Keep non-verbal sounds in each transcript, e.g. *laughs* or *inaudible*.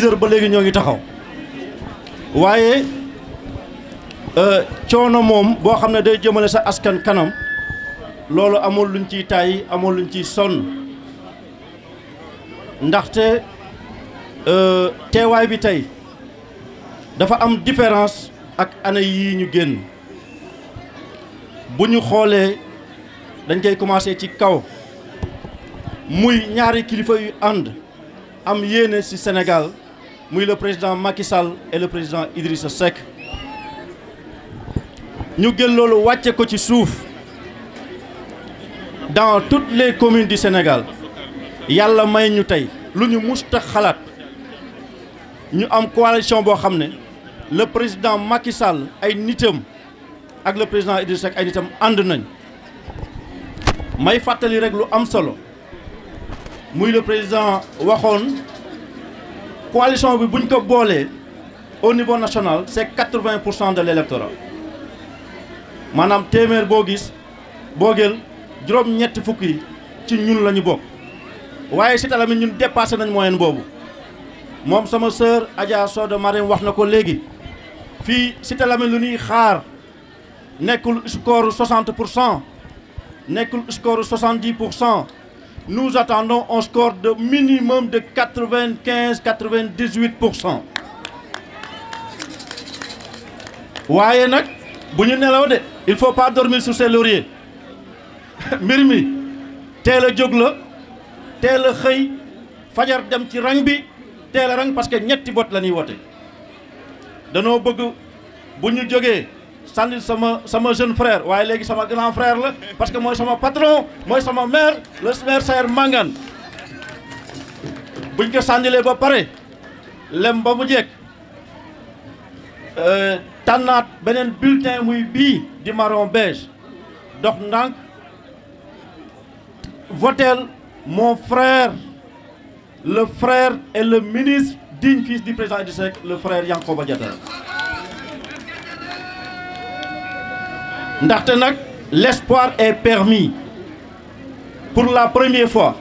dix ba léegi ñoo ngi taxaw waaye euh, coono moom boo xam ne day jëmale sa askan kanam loolu amul luñ ciy tàyyi amul luñ ciy sonn ndaxte euh, teewaay bi tey dafa am différence ak année yi ñu génn bu ñu xoolee dañ koy commencé ci kaw muy ñaari kilifa yu ànd am yéene ci Sénégal muy le président Macky Sall et le président Idrissa Seck ñu jël loolu wàcce ko ci suuf dans toutes les communes du Sénégal yàlla may ñu tey lu ñu musta xalaat ñu am coalition boo xam ne le président Macky Sall ay nitam ak la président Idrissa Seck ay nitam ànd nañ may fàttali rek lu am solo muy le président waxoon coalition bi buñ ko boolee au niveau national c' est quatre vingt pour cent de l' électorat maanaam téeméer boo gis boo gël juróom-ñetti fukk ci ñun la ñu bokk waaye si tamit ñun dépassé nañ moyenne boobu moom sama sœur Adja Soda Marème wax na ko léegi fii si tamit lu ñuy xaar nekkul score 60 pour cent nekkul score 70 pour cent. nous attendons un score de minimum de 95-98 pour cent waaye nag bu ñu nelaw de il faut pas dormir sur ses *laughs* mbir mi teel a jóg la teel a xëy fajar dem ci rang bi teel a rang parce que ñetti boot la ñuy wote danoo bëgg bu ñu jógee. sànni sama sama jeune frère waaye léegi sama grand frère la parce que mooy sama patron mooy sama maire le maire Saer Mangane buñ ko sànnilee ba pare lem ba mu jekk euh, tànnaat beneen bulletin muy bii di marron beige dox ndànk voteel mon frère le frère et le ministre digne fils du président du SEC le frère Yankoba Diattara ndaxte nag l'espoir et permis pour la première fois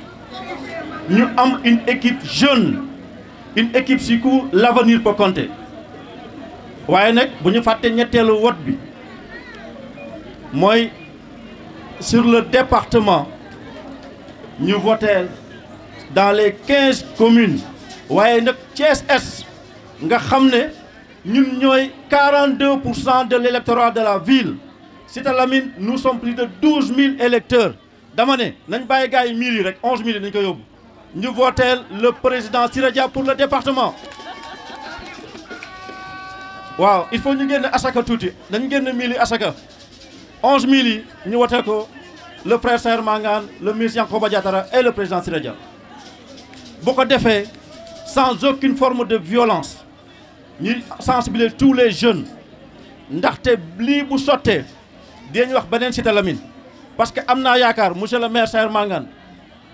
ñu am une équipe jeune une équipe si ku l'avenir peut waaye nag bu ñu fàtte ñetteelu wot bi mooy sur le département ñu voté dans les quinze communes waaye nag Thiès Est nga xam ne ñun ñooy quarante deux pour cent de l'électorat de la ville Cité Lamine nous sommes plus de mille électeurs dama ne nañ bàyyi gars yi mille yi rek onze mille yi nañ ko yóbbu ñu voteel le président Siré Dia pour le département waaw il faut ñu génne asaka tuuti dañu génne mille yi asaka onze mille yi ñu wotee ko le frère Saër le ministre Yankoba Diatara et le président Siré bu ko defee sans aucune forme de violence ñuy sensibiliser tous les jeunes ndaxte lii bu sottee dinañ wax beneen Cité Lamy parce que am naa yaakaar monsieur le maire Saër Mangane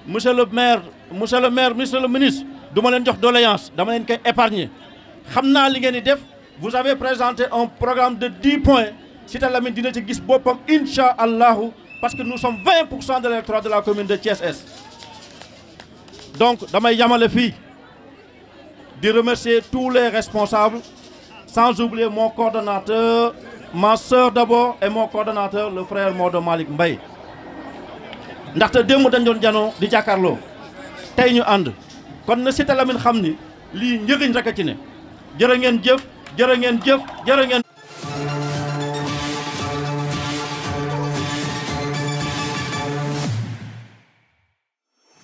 monsieur le maire monsieur le maire monsieur le ministre du ma leen jox doléance dama leen koy épargner xam naa li ngeen di def vous avez présenté un programme de 10 points Cité Lamy dina ci gis boppam incha allahu parce que nous sommes 20 pour cent de l'électorat de la commune de Thiès Est donc damay yamale fii di remercier tous les responsables sans oublier mon coordonnateur ma sœur d'abord et mon coordonnateur le frère Maodo Malick mbay ndaxte démb dañ doon janoo di jàkkaarloo tey ñu ànd kon na Cité Lamy xam ni lii njëriñ rek ci ne jërë ngeen jëf jërë ngeen jëf jërë ngeen